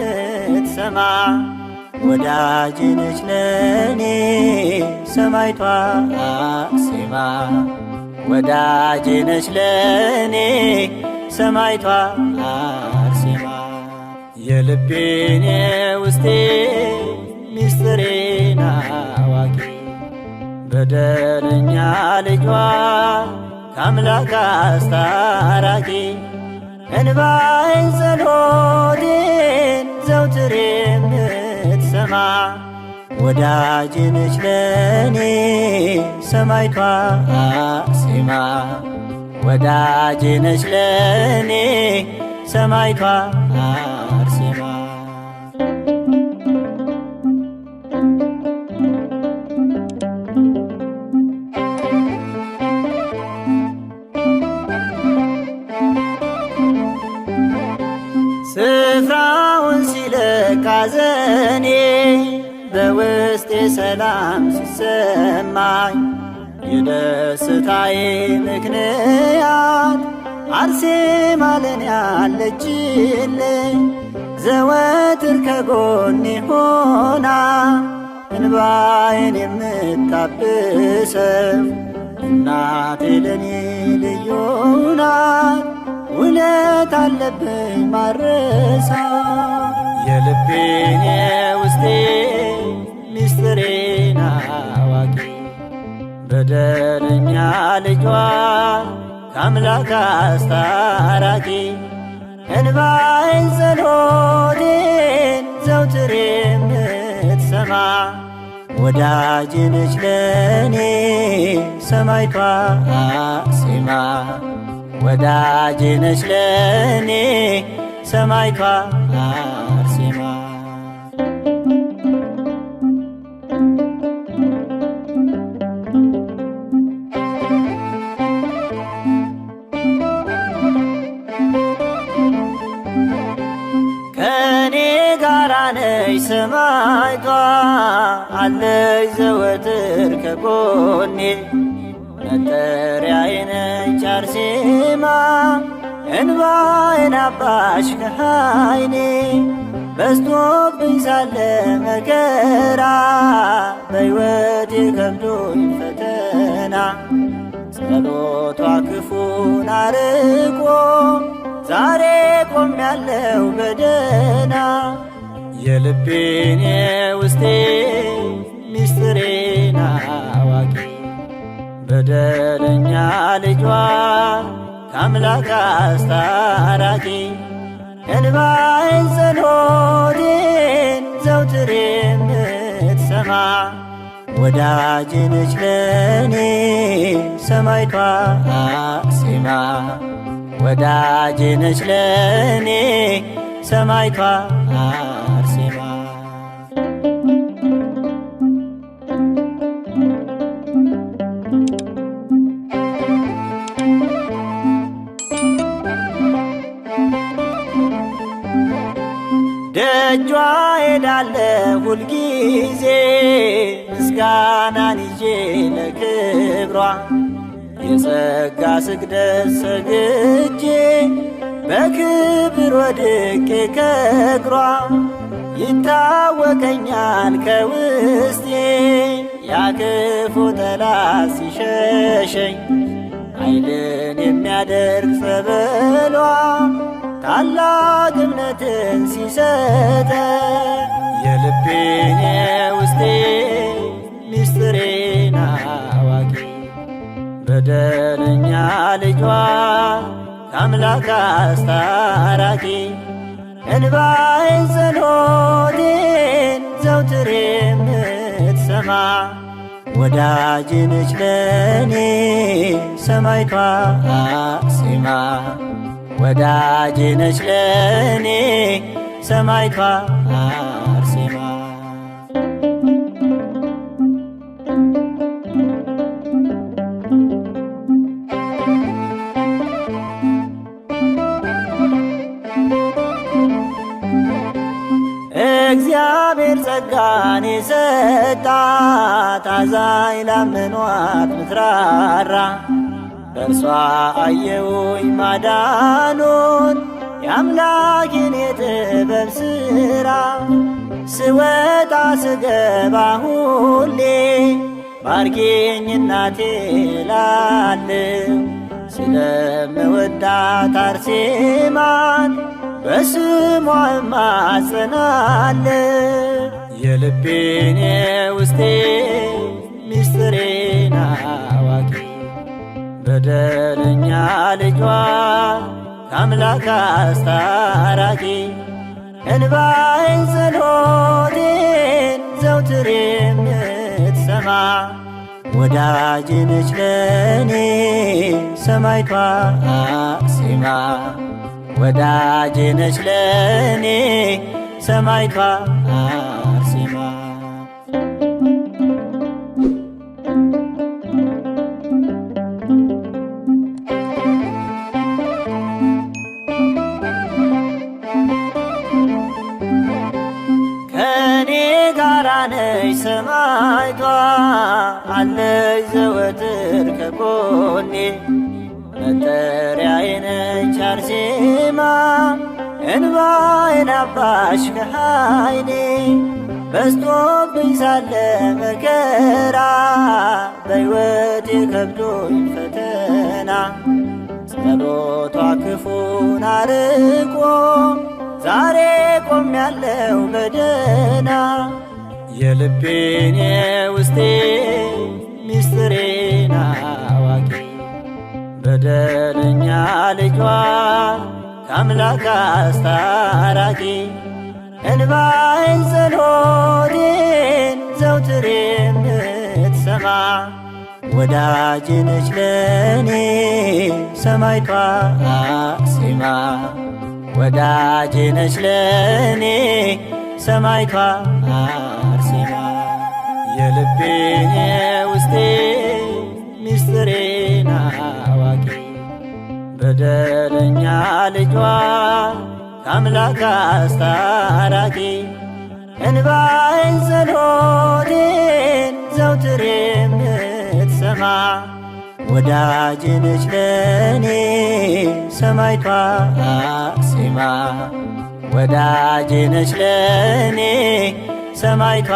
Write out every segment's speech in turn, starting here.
የምትሰማ ወዳጅ ነች ለኔ ሰማይቷ አርሴማ ወዳጅ ነች ለኔ ሰማይቷ አርሴማ የልቤን ውስጤ ሚስጥሬን አዋቂ በደለኛ ልጇ ከአምላክ አስታራቂ እንባይን ጸሎቴን ዘውትር የምትሰማ ወዳጅነች ለኔ ሰማይቷ አርሴማ ወዳጅነች ለኔ ሰማይቷ ሰላም ሲሰማኝ የደስታዬ ምክንያት አርሴማ ለኔ ያለችልኝ ዘወትር ከጎኔ ሆና እንባዬን የምታብሰው እናቴ ለኔ ልዩ ናት። ውለት አለብኝ ማረሳ የልቤን የውስጤ ፍቅሬን አዋቂ በደለኛ ልጇ ከአምላክ አስታራቂ እንባዬን ጸሎቴን ዘውትር የምትሰማ ወዳጅ ነች ለኔ ሰማይቷ አርሴማ ወዳጅ ነች ለኔ ሰማይቷ ነሽ ሰማይቷ አለሽ ዘወትር ከጎኔ መጠሪያዬ ነሽ አርሴማ እንባዬን አባሽ ከዓይኔ በዝቶብኝ ሳለ መከራ በሕይወቴ ከብዶኝ ፈተና ጸሎቷ ክፉን አርቆ ዛሬ ቆሜያለሁ በደህና የልቤን የውስጤ ሚስጥሬን አዋቂ በደለኛ ልጇ ከአምላክ አስታራቂ እንባዬን ጸሎቴን ዘውትር የምትሰማ ወዳጅ ነች ለኔ ሰማይቷ አርሴማ ወዳጅ ነች ለኔ ሰማይቷ እጇ ሄዳለ ሁልጊዜ ምስጋናን ይዤ ለክብሯ የጸጋ ስግደት ሰግጄ በክብር ወድቄ ከእግሯ ይታወቀኛል ከውስጤ ያክፉ ጠላት ሲሸሸኝ ኃይልን የሚያደርግ ጸበሏ ታላቅ እምነትን ሲሰጠ የልቤን ውስጤ ሚስጥሬን አዋቂ በደለኛ ልጇ ከአምላክ አስታራቂ እንባዬን ጸሎቴን ዘውትር የምትሰማ ወዳጅ ነች ለኔ ሰማይቷ አርሴማ ወዳጅ ነች ለእኔ ሰማዕቷ አርሴማ። እግዚአብሔር ጸጋን የሰጣት አዛኝ ላመኗት ምትራራ በእርሷ አየውኝ ማዳኖን የአምላኬን የጥበብ ሥራ ስወጣ ስገባ ሁሌ ባርኪኝ እናቴ እላለሁ ስለምወዳት አርሴማን በስሟ እማጸናለሁ የልቤን የውስጤ ሚስጥሬ ናት በደለኛ ልጇ ከአምላክ አስታራቂ እንባዬን ጸሎቴን ዘውትር የምትሰማ ወዳጅ ነች ለኔ ሰማይቷ አርሴማ ወዳጅ ነች ለኔ ሰማይቷ አይን አባሽ ነሃይኔ በዝቶብኝ ሳለ መከራ በሕይወቴ ከብዶኝ ፈተና ጸሎቷ ክፉን አርቆ ዛሬ ቆም ያለው በደና የልቤን የውስጤ ከአምላክ አስታራቂ እንባይን ጸሎቴን ዘውትር የምትሰማ ወዳጅ ነች ለኔ ሰማይቷ አርሴማ ወዳጅ ለኔ ሰማይቷ አርሴማ የልቤን የውስጤ ሚስጥሬና በደለኛ ልጇ ከአምላክ አስታራቂ እንባዬን ጸሎቴን ዘውትር የምትሰማ ወዳጅ ነች ለእኔ ሰማይቷ አርሴማ ወዳጅ ነች ለእኔ ሰማይቷ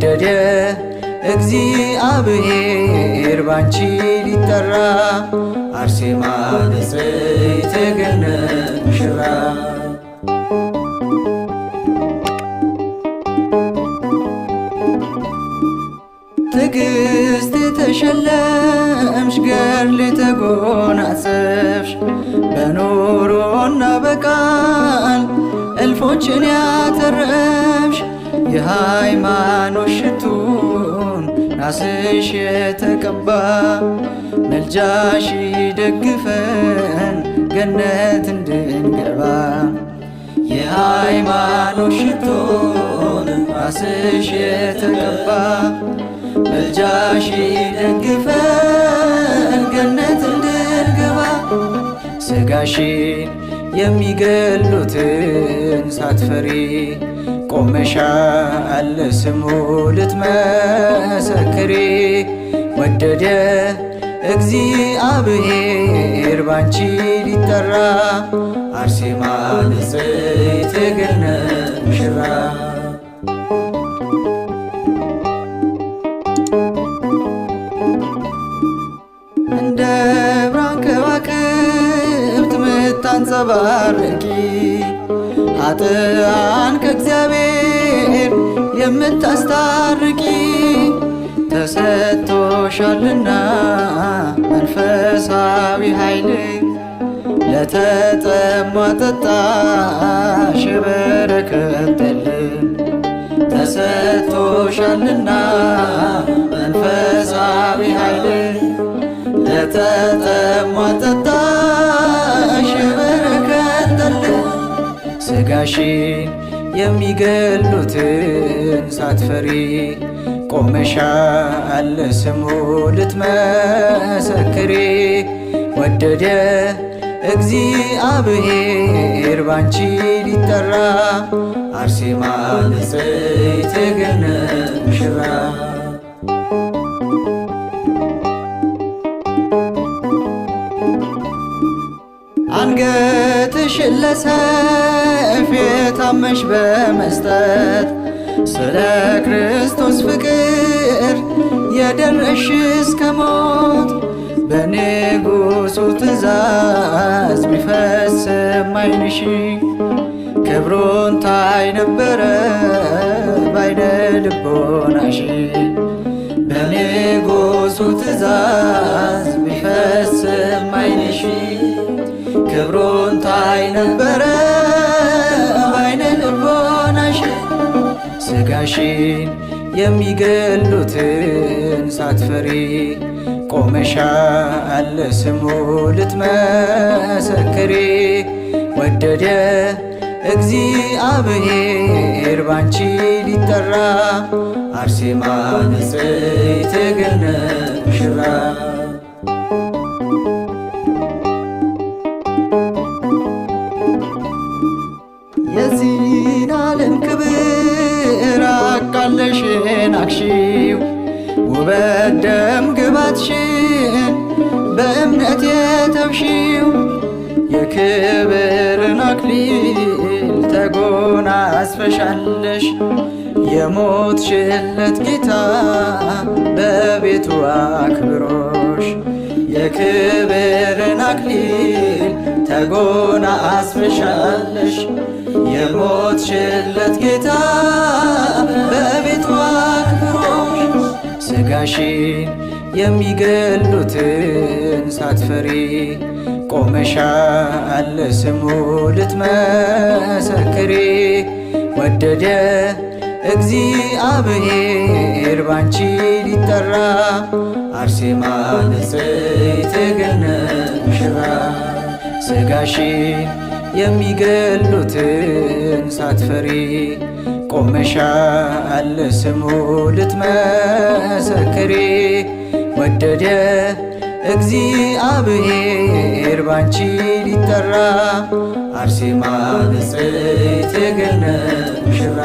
ወደደ እግዚአብሔር ባንቺ ሊጠራ አርሴማ ንጽሕተ ገነት ሙሽራ ትዕግስት የተሸለምሽ ገድል የተጎናጸፍሽ በኖሮና በቃል እልፎችን ያተረፍሽ የሃይማኖት ሽቱን ራስሽ የተቀባ መልጃሽ ደግፈን ገነት እንድንገባ የሃይማኖት ሽቱን ራስሽ የተቀባ መልጃሽ ደግፈን ገነት እንድንገባ ስጋሽን የሚገሉትን ሳትፈሪ ቆመሻል ስሙ ልትመሰክሪ ወደደ እግዚአብሔር ባንቺ ሊጠራ አርሴማ ንጽሕት ገነት ሙሽራ እንደ ብራን ከዋክብት ምታንጸባረቂ ኃጥአን ከእግዚአብሔር የምታስታርቂ ተሰጥቶሻልና መንፈሳዊ ኃይል ለተጠማ ጠጣሽ በረከት ተሰጥቶሻልና መንፈሳዊ ኃይል ለተጠማ ጠጣ ስጋሽን የሚገሉትን ሳትፈሪ ቆመሻል ስሙ ልትመሰክሪ። ወደደ እግዚአብሔር ባንቺ ሊጠራ አርሴማ ንጽሕት ገነት ሙሽራ አንገትሽን ለሰይፍ የታመሽ በመስጠት ስለ ክርስቶስ ፍቅር የደረሽ እስከ ሞት በንጉሱ ትእዛዝ ቢፈስ አይንሽ ክብሩን ታይ ነበረ ባይነ ልቦናሽ በንጉሱ ትእዛዝ ቢፈስ አይንሽ ክብሩን ታይ ነበረ ባይነ ልቦናሽ ስጋሽን የሚገሉትን ሳትፈሪ ቆመሻል ስሙ ልትመሰክሪ ወደደ እግዚአብሔር ባንቺ ሊጠራ አርሴማ ንጽሕት ገነት ሽራ ውበትሽን ውበት ደም ግባትሽን በእምነት የተውሺው የክብርን አክሊል ተጎናጽፈሻለሽ የሞት ሽለት ጌታ በቤቱ አክብሮሽ የክብርን አክሊል ተጎናጽፈሻለሽ የሞት ሽለት ጌታ በቤቷ አክብሮሽ ስጋሽን የሚገሉትን ሳትፈሪ ቆመሻል ስሙ ልትመሰክሪ ወደደ እግዚአብሔር ባንቺ ሊጠራ አርሴማ ንጽሕት ገነት ሙሽራ ስጋሽን የሚገሉትን ሳትፈሪ ቆመሻል ስሙ ልትመሰክሪ። ወደደ እግዚአብሔር ባንቺ ሊጠራ አርሴማ ንጽሕት የገነት ሙሽራ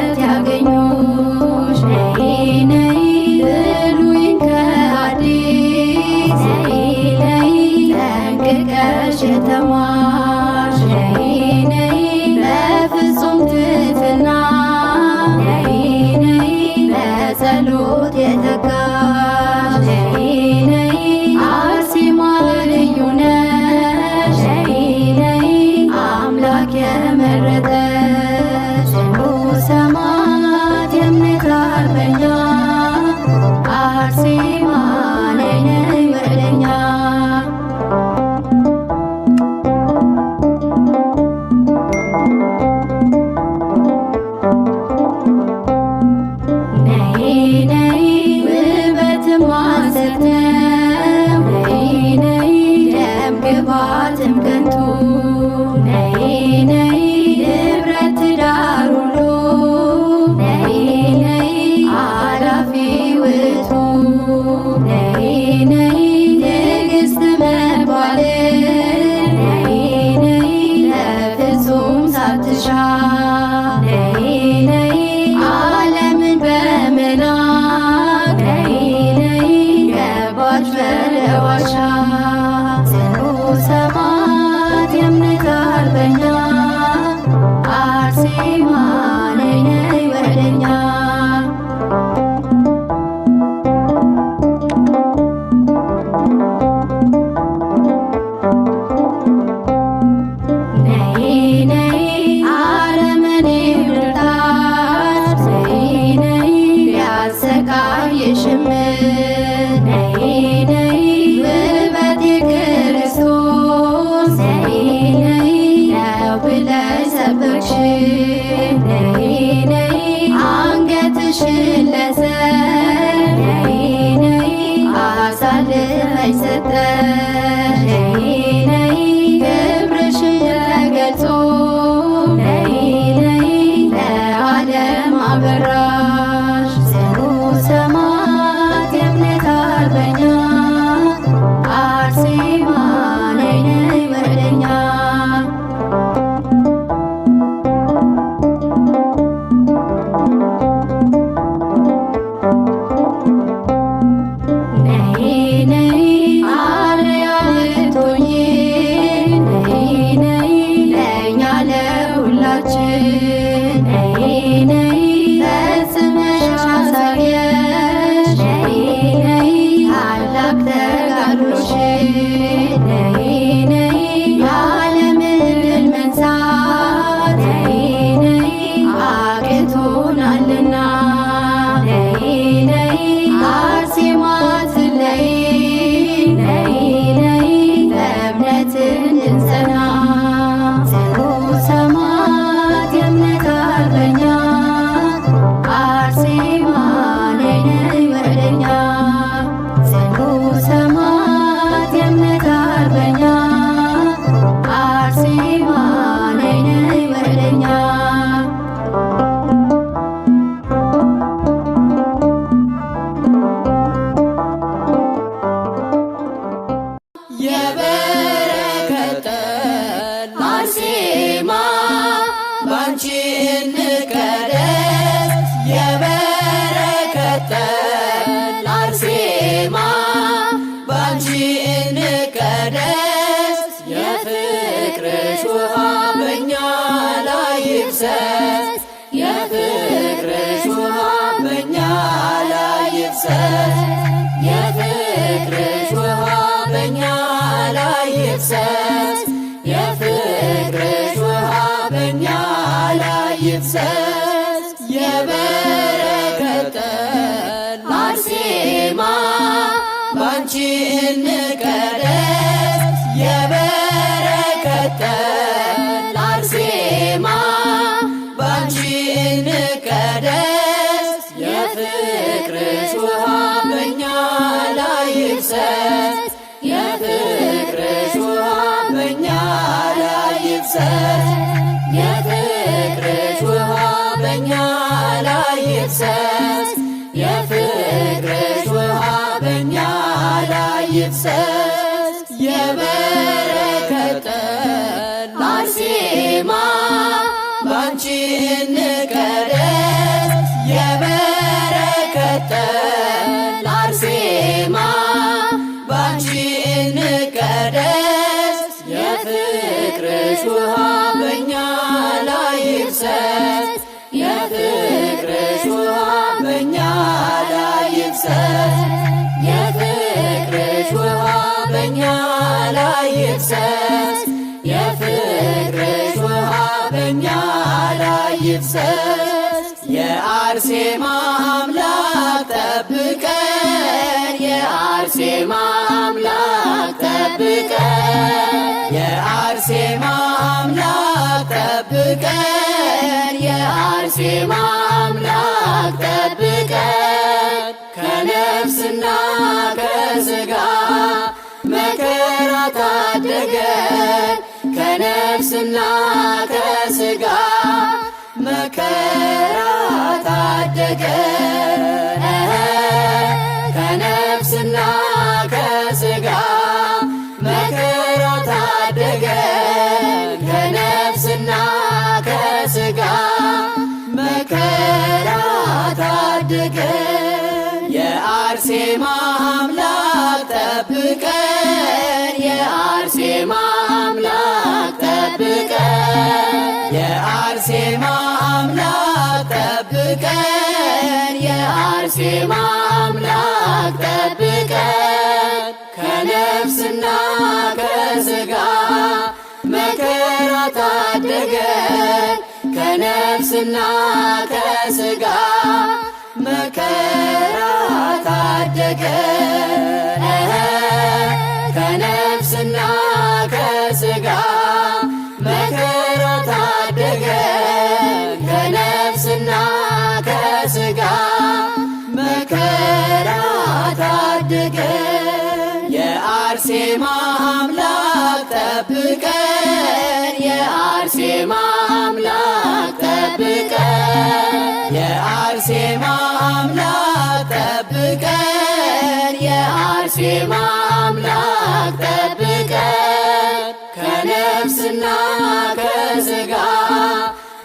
Yeah. የፍቅርሽ ውሃ በኛ ላይ ይፍሰስ የፍቅርሽ ውሃ በኛ ላይ ይፍሰስ ይቀደስ የፍቅርሽ ውሃ በእኛ ላይ ይፍሰስ የፍቅርሽ ውሃ በእኛ ላይ ይፍሰስ የፍቅርሽ ውሃ በእኛ ላይ ይፍሰስ የፍቅርሽ ውሃ በእኛ ላይ ይፍሰስ የአርሴማ አምላክ የአርሴማ አምላክ ጠብቀ የአርሴማ አምላክ ጠብቀ የአርሴማ አምላክ ጠብቀ ከነፍስና ከስጋ መከራ ታደገ ከነፍስና ከስጋ መከራ ታደገ ከነፍስና ከሥጋ መከራ ታደገን ከነፍስና መከራ የአርሴማ አምላክ ጠብቀን የአርሴማ አምላክ ጠብቀን የአርሴማ አምላክ ጠብቀን የአርሴማ ከነፍስና ከስጋ መከራ ታደገ ከነፍስና ከስጋ መከራ ታደገ ከነፍስና ከሥጋ መከራ ታደገ የአርሴማ አምላክ ጠብቀን የአርሴማ አምላክ ጠብቀ የአርሴማ አምላክ ጠብቀን፣ የአርሴማ አምላክ ጠብቀን ከነፍስና ከስጋ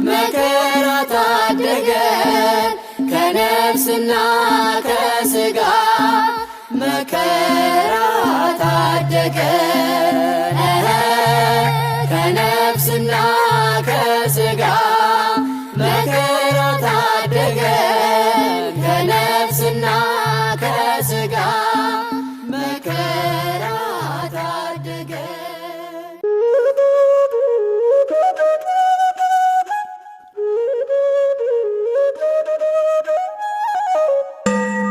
መከራ ታደገን፣ ከነፍስና ከስጋ መከራ ታደገን ከነፍስና ከስጋ Let